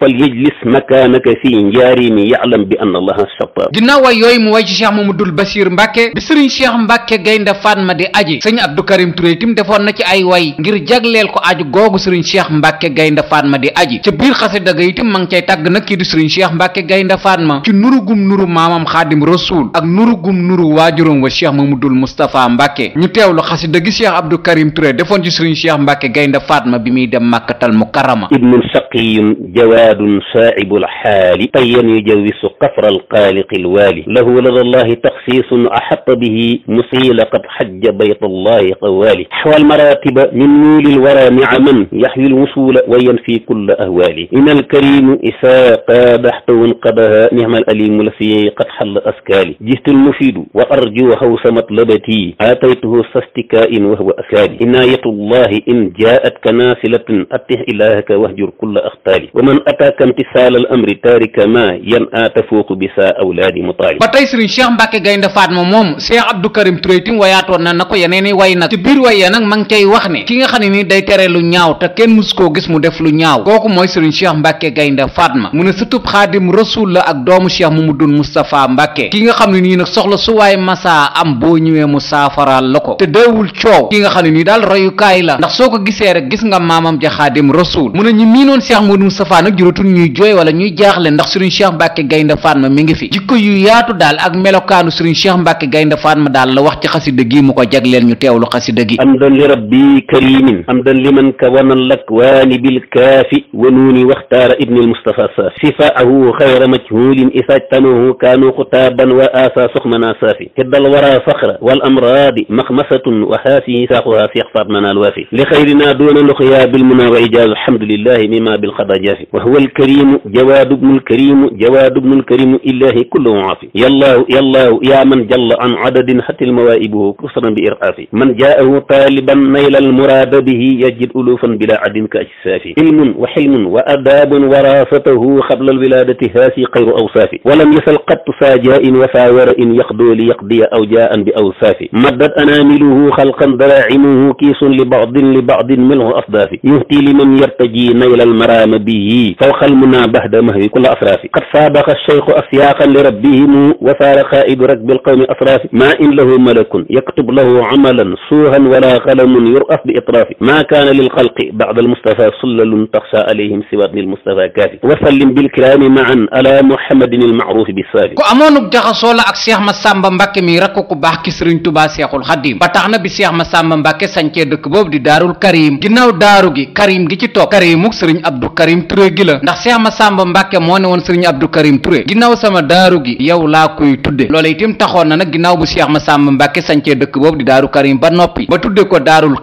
bi anna allaha shatta ginnaaw waay yooyu mu way ci cheikh mamadul basir mbàkke bi sëriñ cheikh mbàkke gaynde fatma di aji sëñ abdou karim turé tim defoon na ci ay way ngir jagleel ko aju googu sëriñ cheikh mbàkke gaynde fatma di aji ca biir xasida ga itam ma ngi cay tàgg nag kii di sëriñ cheikh mbàkke gaynde fatma ci nurugum nuru maamam xaadim rasul ak nurugum nuru waajuram wa cheikh mamadul moustapha mbàkke ñu teewlu xasida gi cheikh Karim Touré defoon ci Serigne Cheikh Mbacke Gaynde Fatma bi muy dem màkkatal mukarrama ibnun saqiyun jawaadun saa'ibul xaali tayyan yujawisu kafra alqaaliqi alwaali lahu lada allahi taxsiisun axata bihi musiila qad xajja bayt allahi qawaali xawa almaratiba min nuuli lwara nicaman yaxwi lwusula wa yanfi kulla ahwaali in alkarimu isaaqa daxtawun qadaha nihma alalimu lasi qad xalla askaali jihtu lmufidu wa arju hawsa matlabati aataytuhu sastika in wahwa askaali الأفعال عناية الله إن جاءتك نافلة أطع إلهك ba tey Serigne Cheikh Mbacke Gaynde Fatma moom Cheikh Abdou Karim Touré wayaatoon na na ko yeneen i way nag ci biir way ya nag ma ngi cay wax ne ki nga xam ne ni day tere lu ñaaw te kenn mus koo gis mu def lu ñaaw kooku mooy Serigne Cheikh Mbacke Gaynde Fatma mu ne sëtub Xaadim Rasul la ak doomu Cheikh Mamadou Moustapha Mbacke ki nga xam ne nii nag soxla su waay masaa am boo ñëwee mu saafaral la ko te deewul coow ki nga xam ne ne nii daal royukaay la ndax soo ko gisee rek gis nga maamam ja xaadim rasul mu ne ñu miinoon Cheikh Modou Moustapha nag jurótul ñuy jooy wala ñuy jaaxle ndax sëriñ Cheikh Mbacke Gaynde Fatma mi ngi fi jikko yu yaatu daal ak melokaanu sëriñ Cheikh Mbacke Gaynde Fatma daal la wax ci xasida gi mu ko jagleel ñu teewlu xasida gi amdan li rabbi karimin amdan liman kawana lakwaani bilkaafi wa nuuni waxtaara ibni almustafa saafi sifaahu xayra majhulin isaajtamahu kaanu xutaaban wa aasa الوافي اختار لنا الوافي لخيرنا دون لقيا بالمنى وإجاز الحمد لله مما بالقضاء جافي وهو الكريم جواد ابن الكريم جواد ابن الكريم إله كل معافي يا الله يا الله يا من جل عن عدد حتى الموائب كسرا بإرقافي من جاءه طالبا نيل المراد به يجد ألوفا بلا عد كأجسافي علم وحلم وأداب وراثته قبل الولادة هاسي خير أوصافي ولم يصل قط ساجاء وفاور يقدو ليقضي أو جاء بأوصافي مدت أنامله خلقا ذراعم anhu kiisun li baadin li baadin minhu asdaafi yuhti liman yartaji nayla almaraama bihi fawxal muna bahda mahwi kulla asraafi qad saabaqa alcheikhu asyaaqan li rabbihimu wa saara qaaidu rakbi alqawmi asraafi maa in lahu malakun yaktub lahu amalan suuhan wala qalamun yuraf bi itraafi maa kaana lilxalqi bacda almustafa sullalun taxsha alayhim siwaatni almustafa kaafi wasallim bilkiraami maan ala muhammadin almacruufi bisaafi ku amoonug jaxasoo la ak Cheikh Massamba Mbacke mi rakk ku baax ki Sëriñ Tuubaa Seexul Xadiim ba tax na bi Cheikh Massamba Mbacke Mbàkke sancee dëkk boobu di daarul karim ginnaaw daaru gi karim gi ci topp karimuk sëriñ Abdou Karim Touré gi la ndax Cheikh Massamba Mbàkke moo ne woon sëriñ Abdou Karim Touré ginnaaw sama daaru gi yow laa koy tudde loola itam taxoon na nag ginnaaw bu Cheikh Massamba Mbàkke sancee dëkk ko daarul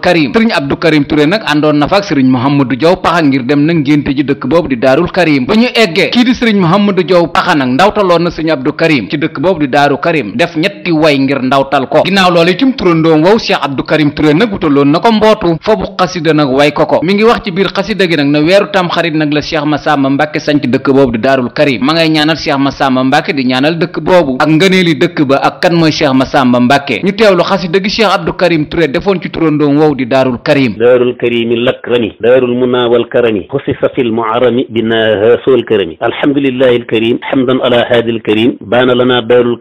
karim sëriñ Abdou Karim Touré nag na fa ak sëriñ Mouhamadou Diaw Paxa ngir dem na ngénte ji dëkk boobu di daarul karim ba ñu eggee kii di sëriñ Mouhamadou Diaw Paxa nag ndawtaloon na sëriñ Abdou Karim ci dëkk boobu di daaru karim def ñetti way ngir ndawtal ko ginnaaw loola itam nag wutaloon na ko mbootu foofu xasida nag way ko ko mi ngi wax ci biir xasida gi nag na weeru tamxarit nag la Cheikh Massamba Mbacke sanc dëkk boobu di Daarul Karim ma ngay ñaanal Cheikh Massamba Mbacke di ñaanal dëkk boobu ak ngëneeli dëkk ba ak kan mooy Cheikh Massamba Mbacke ñu teewlu xasida gi Cheikh Abdou Karim Touré defoon ci turandoom woow di Daarul Karim Daarul Karimi lakrami daarul muna wal karami xusisa fil muarami binaaha sool karami alhamdulillahi alkarim baana lana daarul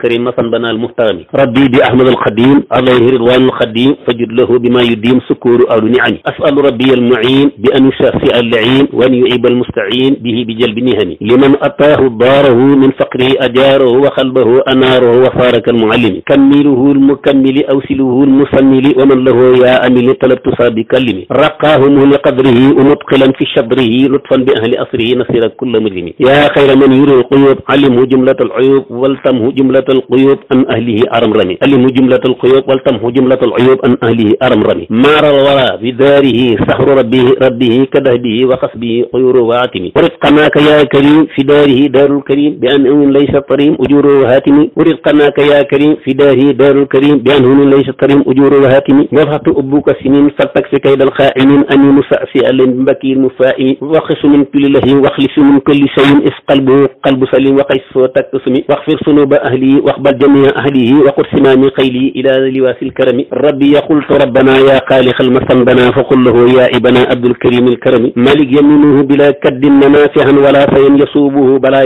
بما يديم سكور أو نعم أسأل ربي المعين بأن يشفي اللعين وأن يعيب المستعين به بجلب نهم لمن أتاه داره من فقره أجاره وقلبه أناره وصار كالمعلم كمله المكمل أوسله المسمل ومن له يا أمل طلبت صابي كلمي رقاه لقدره ومتقلا في شبره لطفا بأهل أصره نصير كل مجرم يا خير من يرى القيوب علمه جملة العيوب والتمه جملة القيوب أن أهله أرم رمي علمه جملة القيوب والتمه جملة العيوب أن أهله أرم ramrami maaral wara fi daarihi sahru rabbihi rabbihi kadahbihi wa xasbihi xuyuru waatimi uritqanaaka yaa karim fi daarihi daarul karim bi an amin laysa tarim ujuru wahatimi uritqanaaka yaa karim fi daarihi daarul karim bi an amin laysa tarim ujuru wahatimi wafatu ubbuka sinin fattak fi kaydal xaaimin animu sasi alin bi mbakkiin mu faai waxisu min kulli lahim waxlisu min kulli shayin is qalbu qalbu salim waxay soo takk sumi waxfir sunuba ahlihi waxbal jamia ahlihi waqut simaami xaylihi ila liwaasil karami rabbi yaqultu rabbana ربنا يا خالق المسن بنا فقل له يا ابنا عبد الكريم الكرم مالك يمينه بلا كد نافعا ولا فين يصوبه بلا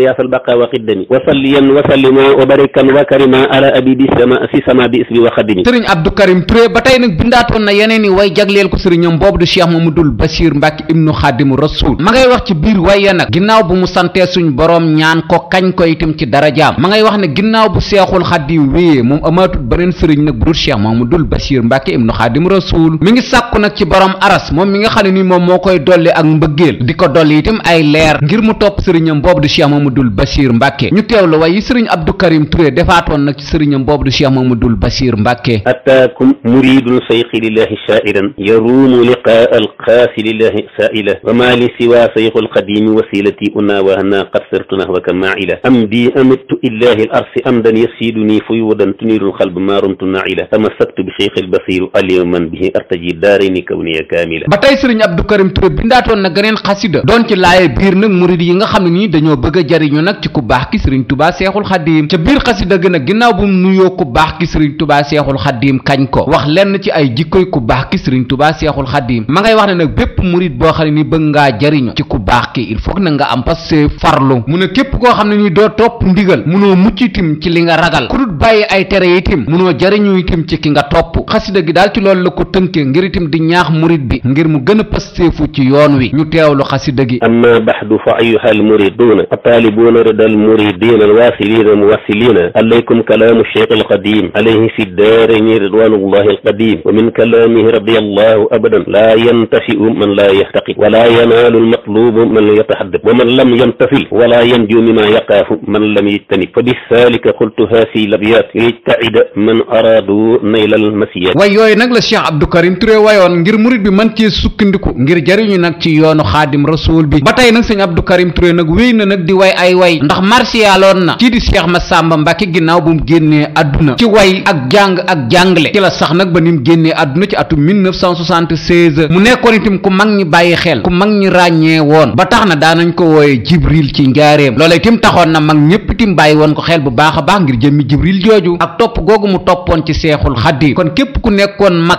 Karim Touré ba tey nag bindaatoon na yeneen i way jagleel ko sëriñam boobu du Cheikh Mamadou Bassir Mbacke ibnu Xaadimu Rasul ma ngay wax ci biir waye nag ginnaaw bu mu santee boroom ñaan ko kañ ko ci darajaam ma wax ne ginnaaw bu Seexul Xaadim wéyee moom amaatut beneen sëriñ nag bu dul Cheikh Mamadou Bassir Mbacke ibnu Xaadimu rasul mi ngi sàkku nag ci borom aras moom mi nga xam ne ni moom moo koy dolli ak mbëggeel di ko dolli itam ay leer ngir mu topp sëriñam boobu du cheikh mamadul basir mbàkke ñu teewlu way yi sëriñ abdou karim turé defaatoon nag ci sëriñam boobu du cheikh mamadul basir mbàkke ataakum muridun sayxi lillahi shaairan yaruumu liqaa alqaasi lillahi saaila wama li siwa sayxu alqadimi wasilati una wahna qad sirtu nahwaka maaila am bi amittu illahi al arsi amdan yasiduni fuyudan tunirul xalb ma rumtu naila tamassaktu bi cheikh albasir alyawma man bihi artaji daarayni kawniya kaamila ba tey sëriñ Abdou Karim Touré bindaatoon na geneen xasida doon ci laaye biir nag murid yi nga xam ne nii dañoo bëgg a jariñu nag ci ku baax ki sëriñ tubaa seexul xaddiim ca biir xasida gën a ginnaaw bu nuyoo ku baax ki sëriñ tubaa seexul xaddiim kañ ko wax lenn ci ay jikkoy ku baax ki sëriñ tubaa seexul xaddiim ma ngay wax ne nag bépp murid boo xam ne ni bëgg ngaa jariñu ci ku baax ki il faut na nga am passé farlu mu ne képp koo xam ne ni doo topp ndigal ko tënkee ngir itam di ñaax murit bi ngir mu gën a pasteefu ci yoon wi ñu teewlu xasida gi amma baxdu fa ayuha almuriduuna fa taalibuuna rida almuridina alwaasiliina almuwassiliina alaykum kalaamu cheikh alqadim alayhi fi daarayni ridwanullahi alqadim wa min kalaamihi radiya allahu abadan laa yantafiu man laa yaxtaqi wala yanaalu almatlubu man yatahaddab wa man lam yamtasil wala yanju mima yaqaafu man lam yajtanib fa bisalika qultu haasi labyaat lijtaida man araadu nayla almasiyat way yooyu nag la cheikh abdou karim Touré wayoon ngir murit bi mën cee ngir jariñu nag ci yoonu xaadim rasul bi ba tey nag sëñ abdou karim Touré nag wéy na nag di way ay way ndax marsiyaaloon na kii di cheikh sàmba Mbàkke ginnaaw bu mu génnee àdduna ci way ak jàng ak jàngle la sax nag ba ni mu génnee àdduna ci atum 1976 mu nekkoon itam ku mag ñi bàyyi xel ku mag ñi ràññee woon ba tax na daanañ ko wooye jibril ci njaareem loola itam taxoon na mag ñépp itam bàyyi woon ko xel bu baax a baax ngir jëmmi jibril jooju ak topp googu mu toppoon ci seexul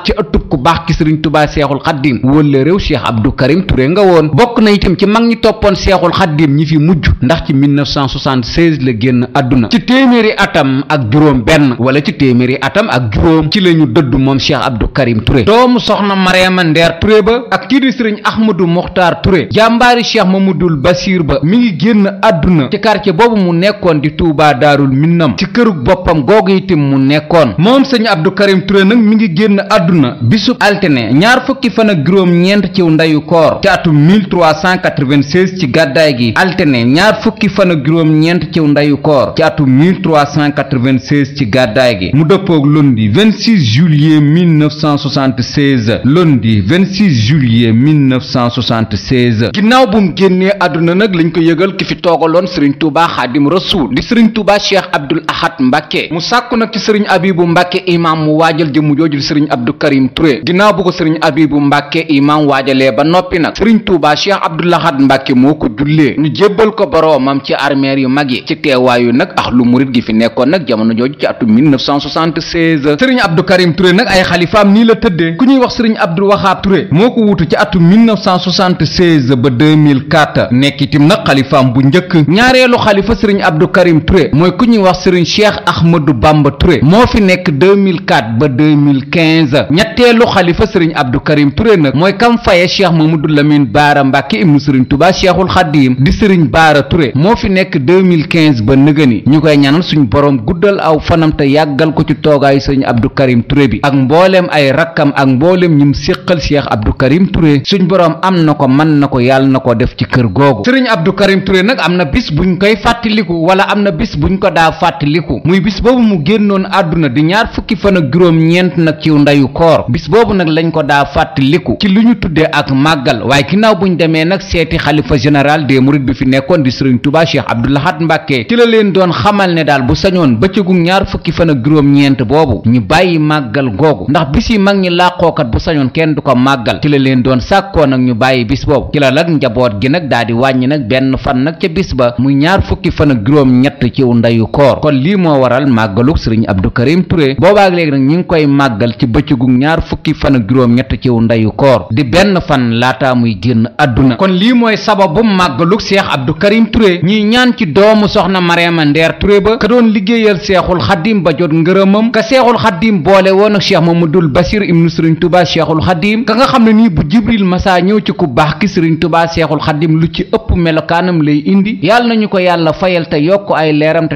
ci ëttub ku baax ki sëriñ tubaa seexul xaddim wala réew cheikh abdou karim Touré nga woon bokk na itam ci mag ñi toppoon seexul xaddim ñi fi mujj ndax ci 1976 la génn àdduna ci téeméeri atam ak juróom benn wala ci téeméeri atam ak juróom ci la ñu dëdd moom cheikh abdou karim Touré doomu soxna mariama ndeer Touré ba ak kii di sëriñ ahmadou moxtaar Touré jàmbaari mu dul basir ba mi ngi génn àdduna ci quartier boobu mu nekkoon di tuubaa daarul minnam ci kërug boppam googu itam mu nekkoon bisub altine ñaar fukki fan ak juróom ñeent ciw ndeyu koor ci atum 1396 ci gàddaay gi altine ñaar fukki fan ak juróom ñeent ciw ndeyu koor ci atum 1396 ci gàddaay gi mu dëppoog lundi 26 juillet 1976 lundi 26 juillet 1976 ginnaaw bu mu génnee àdduna nag lañ ko yëgal ki fi toogaloon sëriñ Touba Xaadim Rasuul di sëriñ Touba Cheikh Abdul Ahad Mbacke mu sàkku nag ci sëriñ Abibu Mbacke imam mu waajal jëmu jooju di sëriñ Abdou Karim Touré boobee ginnaaw bu ko sëriñ abibu mbàkke imam waajalee ba noppi nag sëriñ tuubaa cheikh abdoulahad mbàkke moo ko jullee ñu jébbal ko boroomam ci armeer yu mag yi ci teewaayu nag ax lu murit gi fi nekkoon nag jamono jooju ci atum 1976 sëriñ abdou karim Touré nag ay xalifaam nii la tëddee ku ñuy wax sëriñ abdou wahab Touré moo ko wuutu ci atum 1976 ba 2004 nekk itam nag xalifaam bu njëkk ñaareelu xalifa sëriñ abdou karim Touré mooy ku ñuy wax sëriñ cheikh ahmadou bamba Touré moo fi nekk 2004 ba 2015 ñetteel ñaareelu xalifa sëriñ Abdou Karim Touré nag mooy kam faye cheikh Mamadou Lamine Baara Mbàkke ibnu sëriñ Touba cheikhul xaddiim di sëriñ Baara Touré moo fi nekk 2015 ba nëgëni ñu koy ñaanal suñu boroom guddal aw fanam te yàggal ko ci toogaayu sëriñ Abdou Karim Touré bi ak mbooleem ay rakkam ak mbooleem ñum séqal cheikh Abdou Karim Touré suñ boroom am na ko mën na ko yàlla na ko def ci kër googu sëriñ Abdou Karim Touré nag am na bis buñ koy fàttaliku wala am na bis buñ ko daa fàttaliku muy bis boobu mu génnoon àdduna di ñaar fukki fan ak juróom ñeent nag ci ndayu koor boobu nag lañ ko daa fàttaliku ci lu ñu tuddee ak màggal waaye ginnaaw ñu demee nag seeti xalifa général des mourides bi fi nekkoon di sëriñ tubaa Cheikh Abdou Lahad Mbacke ci la leen doon xamal ne daal bu sañoon bëccëgu ñaar fukki fan ak juróom-ñeent boobu ñu bàyyi màggal googu ndax bis yi mag ñi làqookat bu sañoon kenn du ko màggal ci la leen doon sàkkoo nag ñu bàyyi bis boobu ci la njaboot gi nag daal di wàññi nag benn fan nag ca bis ba muy ñaar fukki fan ak juróom ciw ndayu koor kon lii moo waral màggaluk sëriñ Abdou Karim Touré boobaak léegi ngi koy màggal ci bëccëgu ñaar fukki fan ak juróom-ñett ciw ndeyu koor di benn fan laataa muy génn àdduna kon lii mooy sababu màggalug seex Abdou Karim Touré ñii ñaan ci doomu soxna Mariama Ndeer ture ba ka doon liggéeyal seexul xaddiim ba jot ngërëmam ka seexul xaddiim boole woon ak cheikh Mamadul Basir ibnu Sëriñ Tuubaa seexul xaddiim ka nga xam ne nii bu Jibril masaa ñëw ci ku baax ki Sëriñ tubaa seexul xaddiim lu ci ëpp melokaanam lay indi yàlla nañu ko yàlla fayal te yokk ay leeram